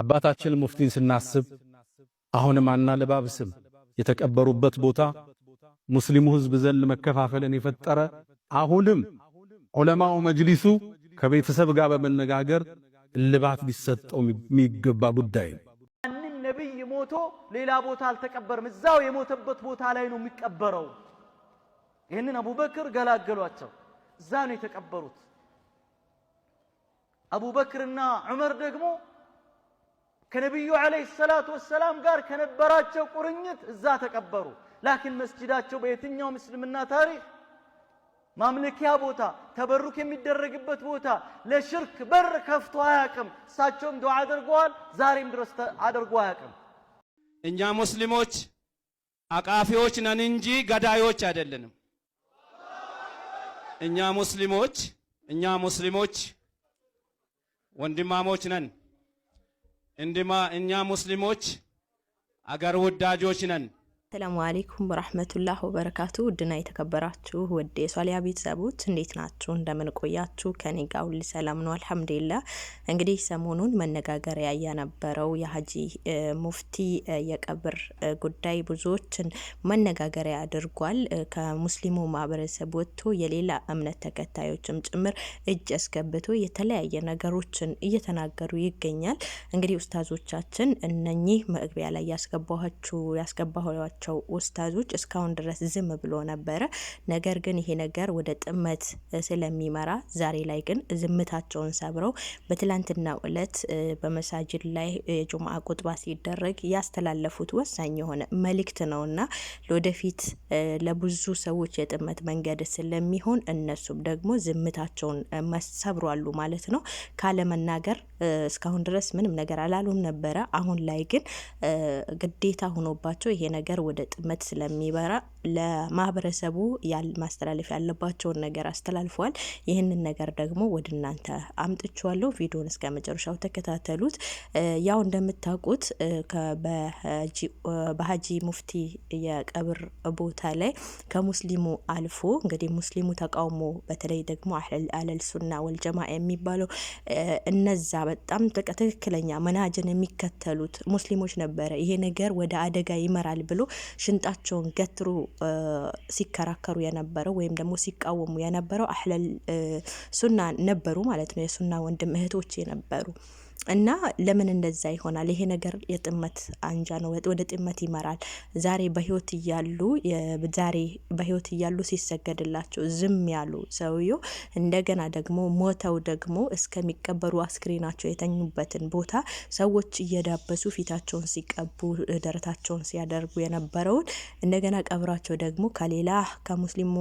አባታችን ሙፍቲን ስናስብ አሁንም አናለባብስም። የተቀበሩበት ቦታ ሙስሊሙ ህዝብ ዘንድ መከፋፈልን የፈጠረ አሁንም ዑለማው መጅሊሱ ከቤተሰብ ጋር በመነጋገር እልባት ሊሰጠው የሚገባ ጉዳይ ነው። ነብይ ሞቶ ሌላ ቦታ አልተቀበርም። እዛው የሞተበት ቦታ ላይ ነው የሚቀበረው። ይህንን አቡበክር ገላገሏቸው። እዛ ነው የተቀበሩት። አቡበክርና ዑመር ደግሞ ከነቢዩ ዓለይሂ ሰላቱ ወሰላም ጋር ከነበራቸው ቁርኝት እዛ ተቀበሩ። ላኪን መስጂዳቸው በየትኛው እስልምና ታሪክ ማምለኪያ ቦታ፣ ተበሩክ የሚደረግበት ቦታ ለሽርክ በር ከፍቶ አያቅም። እሳቸውም ዱዓ አድርገዋል፣ ዛሬም ድረስ አድርጎ አያቅም። እኛ ሙስሊሞች አቃፊዎች ነን እንጂ ገዳዮች አይደለንም። እኛ ሙስሊሞች እኛ ሙስሊሞች ወንድማሞች ነን። እንድማ እኛ ሙስሊሞች አገር ወዳጆች ነን። ሰላሙ አሌይኩም ረህመቱላህ ወበረካቱ ውድና የተከበራችሁ ውድ የሷሊያ ቤተሰቦች እንዴት ናችሁ? እንደምን ቆያችሁ? ከኔ ጋር ሁሉ ሰላም ነው አልሐምዱሊላ። እንግዲህ ሰሞኑን መነጋገሪያ የነበረው የሀጂ ሙፍቲ የቀብር ጉዳይ ብዙዎችን መነጋገሪያ አድርጓል። ከሙስሊሙ ማህበረሰብ ወጥቶ የሌላ እምነት ተከታዮችም ጭምር እጅ አስገብቶ የተለያየ ነገሮችን እየተናገሩ ይገኛል። እንግዲህ ኡስታዞቻችን እነኚህ መግቢያ ላይ ያስገባኋችሁ ያስገባኋ ያላቸው ኡስታዞች እስካሁን ድረስ ዝም ብሎ ነበረ። ነገር ግን ይሄ ነገር ወደ ጥመት ስለሚመራ ዛሬ ላይ ግን ዝምታቸውን ሰብረው በትላንትናው እለት በመሳጅድ ላይ የጁምአ ቁጥባ ሲደረግ ያስተላለፉት ወሳኝ የሆነ መልእክት ነውና ለወደፊት ለብዙ ሰዎች የጥመት መንገድ ስለሚሆን እነሱም ደግሞ ዝምታቸውን ሰብሯሉ ማለት ነው። ካለመናገር እስካሁን ድረስ ምንም ነገር አላሉም ነበረ። አሁን ላይ ግን ግዴታ ሆኖባቸው ይሄ ነገር ወደ ጥመት ስለሚበራ ለማህበረሰቡ ማስተላለፍ ያለባቸውን ነገር አስተላልፈዋል። ይህንን ነገር ደግሞ ወደ እናንተ አምጥቼዋለሁ። ቪዲዮን እስከ መጨረሻው ተከታተሉት። ያው እንደምታውቁት በሀጂ ሙፍቲ የቀብር ቦታ ላይ ከሙስሊሙ አልፎ እንግዲህ ሙስሊሙ ተቃውሞ በተለይ ደግሞ አህለል ሱና ወልጀማ የሚባለው እነዛ በጣም ትክክለኛ መናጅን የሚከተሉት ሙስሊሞች ነበረ ይሄ ነገር ወደ አደጋ ይመራል ብሎ ሽንጣቸውን ገትሮ ሲከራከሩ የነበረው ወይም ደግሞ ሲቃወሙ የነበረው አህለል ሱና ነበሩ ማለት ነው። የሱና ወንድም እህቶች ነበሩ። እና ለምን እንደዛ ይሆናል? ይሄ ነገር የጥመት አንጃ ነው፣ ወደ ጥመት ይመራል። ዛሬ በህይወት እያሉ ዛሬ በህይወት እያሉ ሲሰገድላቸው ዝም ያሉ ሰውየው እንደገና ደግሞ ሞተው ደግሞ እስከሚቀበሩ አስክሬናቸው የተኙበትን ቦታ ሰዎች እየዳበሱ ፊታቸውን ሲቀቡ ደረታቸውን ሲያደርጉ የነበረውን እንደገና ቀብራቸው ደግሞ ከሌላ ከሙስሊሙ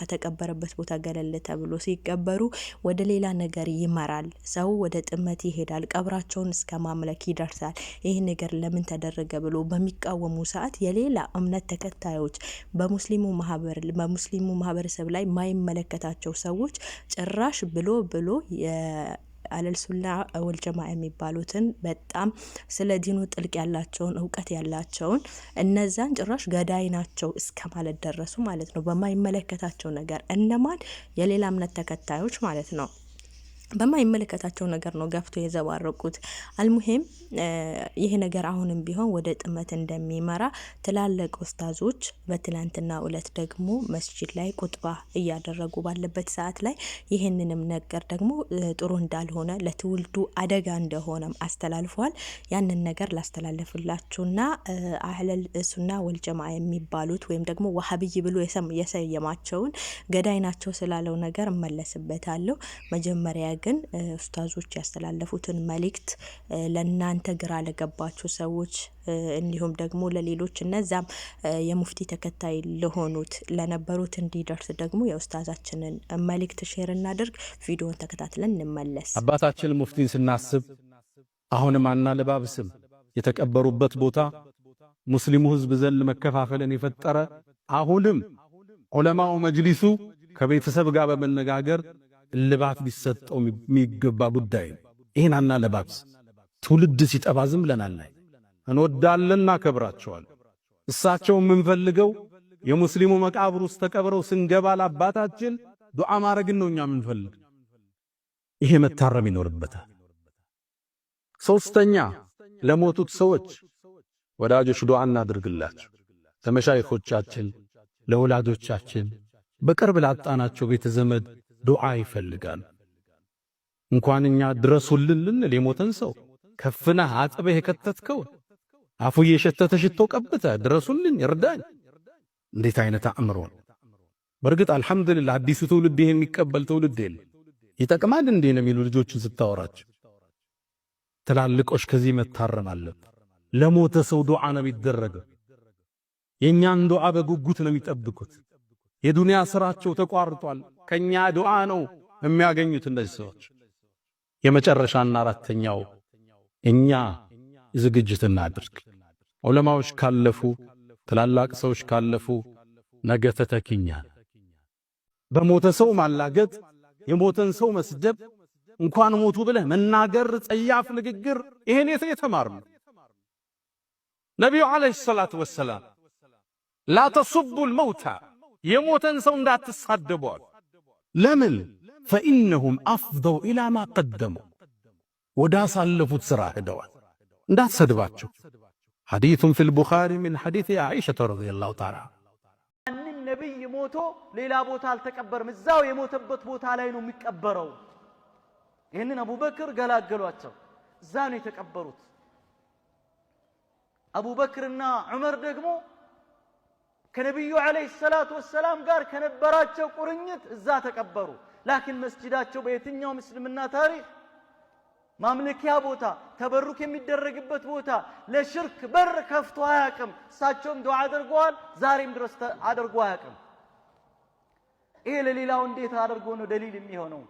ከተቀበረበት ቦታ ገለል ተብሎ ሲቀበሩ ወደ ሌላ ነገር ይመራል። ሰው ወደ ጥመት ይሄዳል። ቀብራቸውን እስከ ማምለክ ይደርሳል። ይህ ነገር ለምን ተደረገ ብሎ በሚቃወሙ ሰዓት የሌላ እምነት ተከታዮች በሙስሊሙ ማህበር በሙስሊሙ ማህበረሰብ ላይ ማይመለከታቸው ሰዎች ጭራሽ ብሎ ብሎ አለልሱና ወልጀማ የሚባሉትን በጣም ስለ ዲኑ ጥልቅ ያላቸውን እውቀት ያላቸውን እነዛን ጭራሽ ገዳይ ናቸው እስከ ማለት ደረሱ ማለት ነው። በማይመለከታቸው ነገር እነማን የሌላ እምነት ተከታዮች ማለት ነው። በማይመለከታቸው ነገር ነው ገፍቶ የዘባረቁት። አልሙሄም ይሄ ነገር አሁንም ቢሆን ወደ ጥመት እንደሚመራ ትላልቅ ኡስታዞች በትላንትና ዕለት ደግሞ መስጂድ ላይ ቁጥባ እያደረጉ ባለበት ሰዓት ላይ ይህንንም ነገር ደግሞ ጥሩ እንዳልሆነ ለትውልዱ አደጋ እንደሆነም አስተላልፏል። ያንን ነገር ላስተላልፍላችሁና አህለል እሱና ወልጀማ የሚባሉት ወይም ደግሞ ዋሀብይ ብሎ የሰየማቸውን ገዳይ ናቸው ስላለው ነገር እመለስበታለሁ መጀመሪያ ግን ኡስታዞች ያስተላለፉትን መልእክት ለእናንተ ግራ ለገባችሁ ሰዎች እንዲሁም ደግሞ ለሌሎች እነዛም የሙፍቲ ተከታይ ለሆኑት ለነበሩት እንዲደርስ ደግሞ የኡስታዛችንን መልእክት ሼር እናድርግ። ቪዲዮን ተከታትለን እንመለስ። አባታችን ሙፍቲን ስናስብ አሁንም አና ለባብስም የተቀበሩበት ቦታ ሙስሊሙ ህዝብ ዘንድ መከፋፈልን የፈጠረ አሁንም ዑለማው መጅሊሱ ከቤተሰብ ጋር በመነጋገር ልባት ሊሰጠው የሚገባ ጉዳይ ነው። ይህን አና አናለባብስ። ትውልድ ሲጠባ ዝም ብለን አናይ። እንወዳለን፣ እናከብራቸዋል። እሳቸው የምንፈልገው የሙስሊሙ መቃብር ውስጥ ተቀብረው ስንገባ ለአባታችን ዱዓ ማድረግን ነው እኛ የምንፈልግ። ይሄ መታረም ይኖርበታል። ሶስተኛ ለሞቱት ሰዎች ወዳጆች ዱዓ እናድርግላቸው። ለመሻይኾቻችን፣ ለወላጆቻችን፣ በቅርብ ላጣናቸው ቤተ ዘመድ ዱዓ ይፈልጋል። እንኳን እኛ ድረሱልን ልንል የሞተን ሰው ከፍነህ አጥበህ የከተትከው አፉ የሸተተ ሽቶ ቀብተ ድረሱልን ይርዳኝ፣ እንዴት አይነት አእምሮ በእርግጥ አልሐምዱሊላህ አዲሱ ትውልድ ይሄን የሚቀበል ትውልድ የለ። ይጠቅማል እንዴ ነው የሚሉ ልጆችን ስታወራቸው፣ ትላልቆች ከዚህ መታረም አለብን። ለሞተ ሰው ዱዓ ነው የሚደረገው። የእኛን ዱዓ በጉጉት ነው የሚጠብቁት። የዱንያ ስራቸው ተቋርጧል። ከኛ ዱዓ ነው የሚያገኙት እነዚህ ሰዎች። የመጨረሻና አራተኛው እኛ ዝግጅት እናድርግ። ዑለማዎች ካለፉ፣ ትላላቅ ሰዎች ካለፉ ነገ ተተኪኛ በሞተ ሰው ማላገጥ፣ የሞተን ሰው መስደብ፣ እንኳን ሞቱ ብለህ መናገር፣ ጸያፍ ንግግር። ይሄን የት የተማርነው? ነቢዩ ዓለይሂ ሰላቱ ወሰላም ላ ተሱቡ ልመውታ የሞተን ሰው እንዳትሳደቧል። ለምን ፈኢነሁም አፍደው ኢላ ማ ቀደሙ ወደ ሥራ ሄደዋል። እንዳትሰድባቸው። ሐዲቱን ፊል ቡኻሪ ምን ሐዲት ዓኢሸተ ረዲየላሁ ተዓላ አንን ነቢይ ሞቶ ሌላ ቦታ አልተቀበርም፣ እዛው የሞተበት ቦታ ላይ ነው የሚቀበረው። ይህንን አቡበክር ገላገሏቸው። እዛ ነው የተቀበሩት። አቡበክርና ዑመር ደግሞ ከነቢዩ ዓለይሂ ሰላቱ ወሰላም ጋር ከነበራቸው ቁርኝት እዛ ተቀበሩ። ላኪን መስጂዳቸው በየትኛው እስልምና ታሪክ ማምለኪያ ቦታ፣ ተበሩክ የሚደረግበት ቦታ ለሽርክ በር ከፍቶ አያቅም። እሳቸውም ዱዓ አድርገዋል፣ ዛሬም ድረስ አድርጎ አያቅም። ይሄ ለሌላው እንዴት አድርጎ ነው ደሊል የሚሆነው?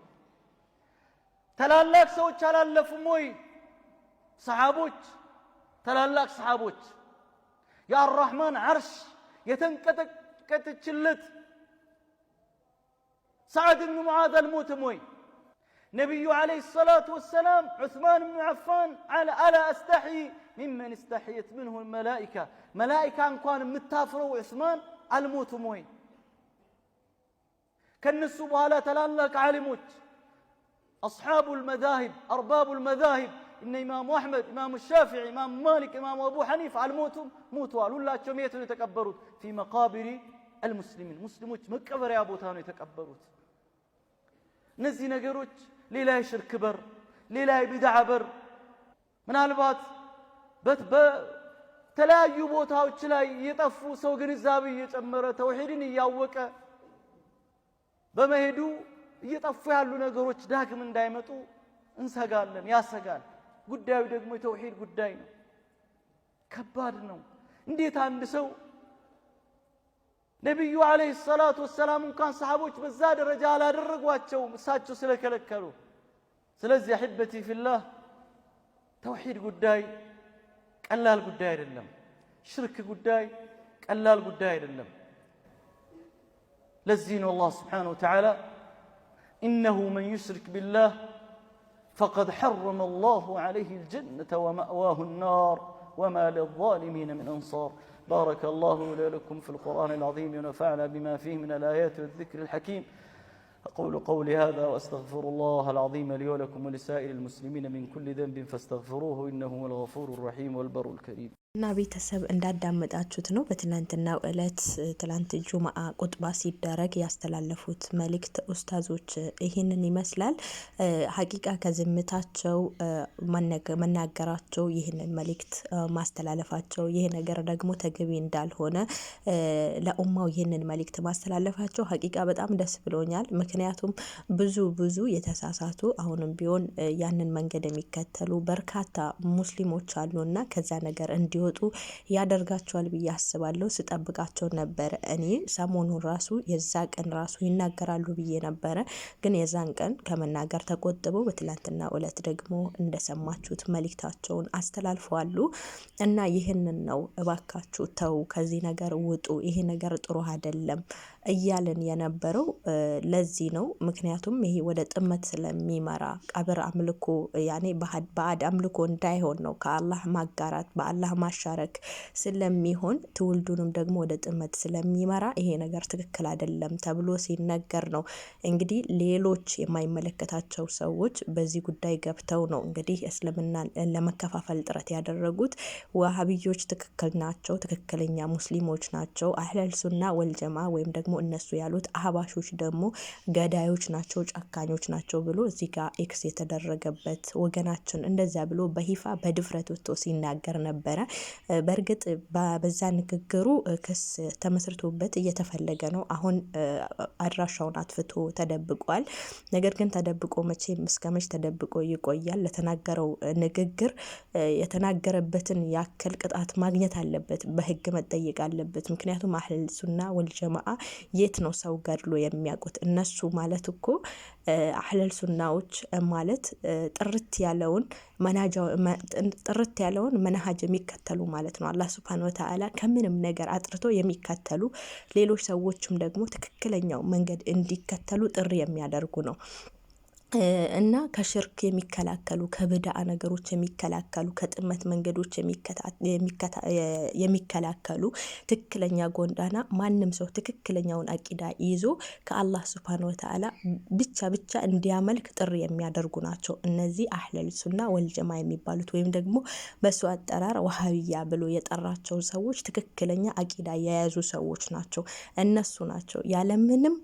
ታላላቅ ሰዎች አላለፉም ወይ? ሰሓቦች፣ ታላላቅ ሰሓቦች የአራሕማን ዓርሽ يتنكتكتشلت سعد بن معاذ الموت موي نبي عليه الصلاة والسلام عثمان بن عفان على ألا أستحي ممن استحيت منه الملائكة ملائكة أن كان متافروا عثمان الموت موي كان السبوة لا تلالك علموت أصحاب المذاهب أرباب المذاهب እነ ኢማሙ አሕመድ፣ ኢማሙ ሻፊዒ፣ ኢማሙ ማሊክ፣ ኢማሙ አቡ ሐኒፍ አልሞቱም? ሞተዋል። ሁላቸውም የት ነው የተቀበሩት? ፊ መቃብሪ አልሙስሊሚን ሙስሊሞች መቀበሪያ ቦታ ነው የተቀበሩት። እነዚህ ነገሮች ሌላ የሽርክ በር፣ ሌላ የቢድዓ በር ምናልባት በተለያዩ ቦታዎች ላይ እየጠፉ ሰው ግንዛቤ እየጨመረ ተውሂድን እያወቀ በመሄዱ እየጠፉ ያሉ ነገሮች ዳግም እንዳይመጡ እንሰጋለን፣ ያሰጋል። ጉዳዩ ደግሞ የተውሂድ ጉዳይ ነው። ከባድ ነው። እንዴት አንድ ሰው ነቢዩ ዓለይሂ ሰላቱ ወሰላም እንኳን ሰሓቦች በዛ ደረጃ አላደረጓቸውም እሳቸው ስለከለከሉ። ስለዚህ አሕበቲ ፊላህ ተውሂድ ጉዳይ ቀላል ጉዳይ አይደለም። ሽርክ ጉዳይ ቀላል ጉዳይ አይደለም። ለዚህ ነው አላህ ስብሓነሁ ወተዓላ ኢነሁ መን ዩሽሪክ ቢላህ فقد حرم الله عليه الجنة ومأواه النار وما للظالمين من أنصار بارك الله لي لكم في القرآن العظيم ونفعنا بما فيه من الآيات والذكر الحكيم أقول قولي هذا وأستغفر الله العظيم لي ولكم ولسائر المسلمين من كل ذنب فاستغفروه إنه هو الغفور الرحيم والبر الكريم እና ቤተሰብ እንዳዳመጣችሁት ነው። በትላንትናው እለት ትላንት ጁማአ ቁጥባ ሲደረግ ያስተላለፉት መልእክት ኡስታዞች ይህንን ይመስላል። ሀቂቃ ከዝምታቸው መናገራቸው፣ ይህንን መልእክት ማስተላለፋቸው፣ ይህ ነገር ደግሞ ተገቢ እንዳልሆነ ለኡማው ይህንን መልእክት ማስተላለፋቸው ሀቂቃ በጣም ደስ ብሎኛል። ምክንያቱም ብዙ ብዙ የተሳሳቱ አሁንም ቢሆን ያንን መንገድ የሚከተሉ በርካታ ሙስሊሞች እና ከዛ ነገር እንዲሁ እንዲወጡ ያደርጋቸዋል ብዬ አስባለሁ። ስጠብቃቸው ነበረ። እኔ ሰሞኑን ራሱ የዛ ቀን ራሱ ይናገራሉ ብዬ ነበረ። ግን የዛን ቀን ከመናገር ተቆጥበው በትላንትና እለት ደግሞ እንደሰማችሁት መልእክታቸውን አስተላልፈዋሉ እና ይህንን ነው እባካችሁ ተው፣ ከዚህ ነገር ውጡ፣ ይሄ ነገር ጥሩ አይደለም። እያልን የነበረው ለዚህ ነው። ምክንያቱም ይሄ ወደ ጥመት ስለሚመራ ቀብር አምልኮ ያኔ በአድ አምልኮ እንዳይሆን ነው ከአላህ ማጋራት በአላህ ማሻረክ ስለሚሆን ትውልዱንም ደግሞ ወደ ጥመት ስለሚመራ ይሄ ነገር ትክክል አይደለም ተብሎ ሲነገር ነው። እንግዲህ ሌሎች የማይመለከታቸው ሰዎች በዚህ ጉዳይ ገብተው ነው እንግዲህ እስልምና ለመከፋፈል ጥረት ያደረጉት። ዋሀብዮች ትክክል ናቸው፣ ትክክለኛ ሙስሊሞች ናቸው። አህለልሱና ወልጀማ ወይም ደግሞ እነሱ ያሉት አህባሾች ደግሞ ገዳዮች ናቸው፣ ጨካኞች ናቸው ብሎ እዚህ ጋር ኤክስ የተደረገበት ወገናችን እንደዚያ ብሎ በይፋ በድፍረት ወጥቶ ሲናገር ነበረ። በእርግጥ በዛ ንግግሩ ክስ ተመስርቶበት እየተፈለገ ነው። አሁን አድራሻውን አትፍቶ ተደብቋል። ነገር ግን ተደብቆ መቼም እስከ መች ተደብቆ ይቆያል? ለተናገረው ንግግር የተናገረበትን ያክል ቅጣት ማግኘት አለበት። በህግ መጠየቅ አለበት። ምክንያቱም አህል ሱና ወልጀማአ የት ነው ሰው ገድሎ የሚያውቁት? እነሱ ማለት እኮ አህለል ሱናዎች ማለት ጥርት ያለውን ጥርት ያለውን መናሀጅ የሚከተሉ ማለት ነው። አላህ ሱብሃነሁ ወተዓላ ከምንም ነገር አጥርቶ የሚከተሉ ሌሎች ሰዎችም ደግሞ ትክክለኛው መንገድ እንዲከተሉ ጥሪ የሚያደርጉ ነው። እና ከሽርክ የሚከላከሉ ከብድዓ ነገሮች የሚከላከሉ ከጥመት መንገዶች የሚከላከሉ ትክክለኛ ጎንዳና ማንም ሰው ትክክለኛውን አቂዳ ይዞ ከአላህ ስብሃነ ወተዓላ ብቻ ብቻ እንዲያመልክ ጥሪ የሚያደርጉ ናቸው። እነዚህ አህለል ሱና ወልጀማ የሚባሉት ወይም ደግሞ በሱ አጠራር ዋሀብያ ብሎ የጠራቸው ሰዎች ትክክለኛ አቂዳ የያዙ ሰዎች ናቸው። እነሱ ናቸው ያለምንም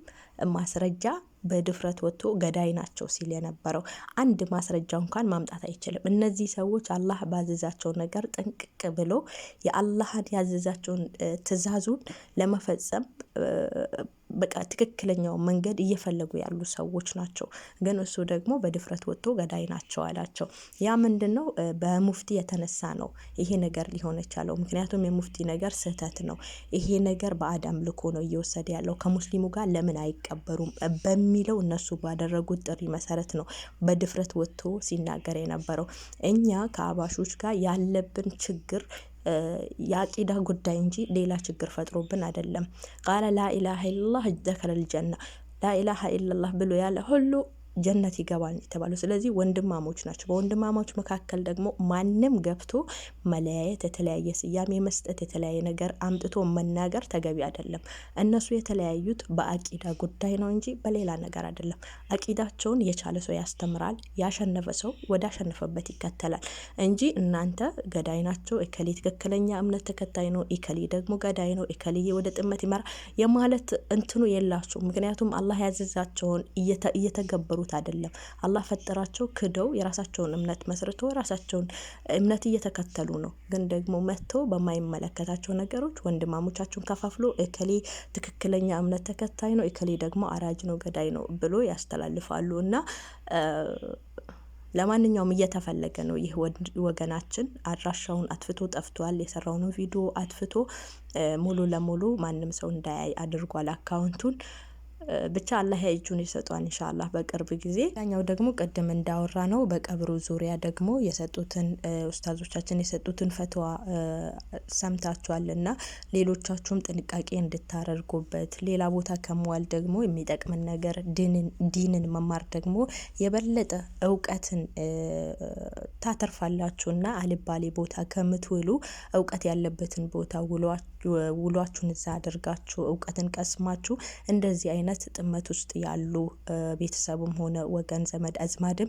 ማስረጃ በድፍረት ወጥቶ ገዳይ ናቸው ሲል የነበረው አንድ ማስረጃ እንኳን ማምጣት አይችልም። እነዚህ ሰዎች አላህ ባዘዛቸው ነገር ጥንቅቅ ብሎ የአላህን ያዘዛቸውን ትዕዛዙን ለመፈጸም በቃ ትክክለኛው መንገድ እየፈለጉ ያሉ ሰዎች ናቸው። ግን እሱ ደግሞ በድፍረት ወጥቶ ገዳይ ናቸው አላቸው። ያ ምንድን ነው? በሙፍቲ የተነሳ ነው ይሄ ነገር ሊሆን የቻለው። ምክንያቱም የሙፍቲ ነገር ስህተት ነው። ይሄ ነገር በአዳም ልኮ ነው እየወሰደ ያለው ከሙስሊሙ ጋር ለምን አይቀበሩም በሚለው እነሱ ባደረጉት ጥሪ መሰረት ነው በድፍረት ወጥቶ ሲናገር የነበረው። እኛ ከአባሾች ጋር ያለብን ችግር የአቂዳ ጉዳይ እንጂ ሌላ ችግር ፈጥሮብን አይደለም። ቃለ ላኢላሀ ኢላላህ ደከለል ጀና ላኢላሀ ኢላላህ ብሎ ያለ ሁሉ ጀነት ይገባል የተባለው። ስለዚህ ወንድማሞች ናቸው። በወንድማሞች መካከል ደግሞ ማንም ገብቶ መለያየት፣ የተለያየ ስያሜ መስጠት፣ የተለያየ ነገር አምጥቶ መናገር ተገቢ አይደለም። እነሱ የተለያዩት በአቂዳ ጉዳይ ነው እንጂ በሌላ ነገር አይደለም። አቂዳቸውን የቻለ ሰው ያስተምራል። ያሸነፈ ሰው ወደ አሸነፈበት ይከተላል እንጂ እናንተ ገዳይ ናቸው፣ እከሌ ትክክለኛ እምነት ተከታይ ነው፣ እከሌ ደግሞ ገዳይ ነው፣ እከሌ ወደ ጥመት ይመራ የማለት እንትኑ የላቸው። ምክንያቱም አላህ ያዘዛቸውን እየተገበሩት ሃይማኖት አይደለም። አላህ ፈጠራቸው ክደው የራሳቸውን እምነት መስርቶ የራሳቸውን እምነት እየተከተሉ ነው። ግን ደግሞ መጥቶ በማይመለከታቸው ነገሮች ወንድማሞቻቸውን ከፋፍሎ እከሌ ትክክለኛ እምነት ተከታይ ነው፣ እከሌ ደግሞ አራጅ ነው፣ ገዳይ ነው ብሎ ያስተላልፋሉ እና ለማንኛውም እየተፈለገ ነው። ይህ ወገናችን አድራሻውን አጥፍቶ ጠፍቷል። የሰራውን ቪዲዮ አጥፍቶ ሙሉ ለሙሉ ማንም ሰው እንዳያይ አድርጓል አካውንቱን። ብቻ አላህ እጁን ይሰጧል ኢንሻአላህ በቅርብ ጊዜ። ያኛው ደግሞ ቅድም እንዳወራ ነው በቀብሩ ዙሪያ ደግሞ የሰጡትን ኡስታዞቻችን የሰጡትን ፈትዋ ሰምታችኋል እና ሌሎቻችሁም ጥንቃቄ እንድታደርጉበት ሌላ ቦታ ከመዋል ደግሞ የሚጠቅምን ነገር ዲንን መማር ደግሞ የበለጠ እውቀትን ታተርፋላችሁና አልባሌ ቦታ ከምትውሉ እውቀት ያለበትን ቦታ ውሏችሁን እዛ አድርጋችሁ እውቀትን ቀስማችሁ እንደዚህ አይነት በዋናነት ጥመት ውስጥ ያሉ ቤተሰብም ሆነ ወገን ዘመድ አዝማድም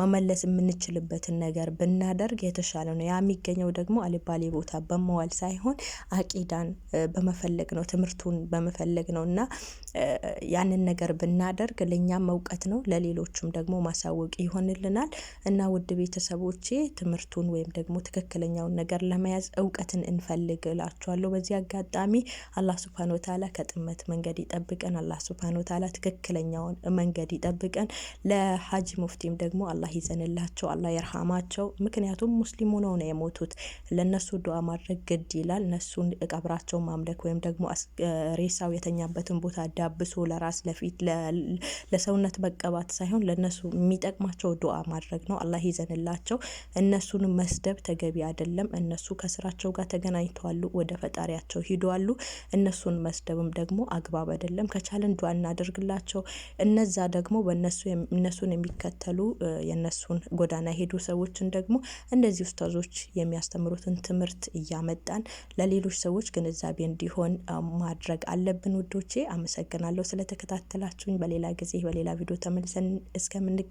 መመለስ የምንችልበትን ነገር ብናደርግ የተሻለ ነው። ያ የሚገኘው ደግሞ አልባሌ ቦታ በመዋል ሳይሆን አቂዳን በመፈለግ ነው፣ ትምህርቱን በመፈለግ ነው እና ያንን ነገር ብናደርግ ለእኛም እውቀት ነው፣ ለሌሎችም ደግሞ ማሳወቅ ይሆንልናል እና ውድ ቤተሰቦቼ ትምህርቱን ወይም ደግሞ ትክክለኛውን ነገር ለመያዝ እውቀትን እንፈልግ እላችኋለሁ። በዚህ አጋጣሚ አላህ ሱብሃነ ወተዓላ ከጥመት መንገድ ይጠብቀን። አላህ ሱብሃነ ወተዓላ ትክክለኛውን መንገድ ይጠብቀን። ለሀጂ ሙፍቲም ደግሞ አላህ ይዘንላቸው፣ አላህ የርሃማቸው። ምክንያቱም ሙስሊሙ ነው ነው የሞቱት ለነሱ ዱዓ ማድረግ ግድ ይላል። እነሱን ቀብራቸው ማምለክ ወይም ደግሞ ሬሳው የተኛበትን ቦታ ዳብሶ ለራስ ለፊት ለሰውነት መቀባት ሳይሆን ለነሱ የሚጠቅማቸው ዱዓ ማድረግ ነው። አላህ ይዘንላቸው። እነሱን መስደብ ተገቢ አይደለም። እነሱ ከስራቸው ጋር ተገናኝተዋሉ፣ ወደ ፈጣሪያቸው ሂደዋሉ። እነሱን መስደብም ደግሞ አግባብ አይደለም። ከቻለ እያልን ዱዓ እናደርግላቸው። እነዛ ደግሞ በእነሱ እነሱን የሚከተሉ የእነሱን ጎዳና የሄዱ ሰዎችን ደግሞ እንደዚህ ኡስታዞች የሚያስተምሩትን ትምህርት እያመጣን ለሌሎች ሰዎች ግንዛቤ እንዲሆን ማድረግ አለብን። ውዶቼ አመሰግናለሁ ስለተከታተላችሁኝ። በሌላ ጊዜ በሌላ ቪዲዮ ተመልሰን እስከምንገናኝ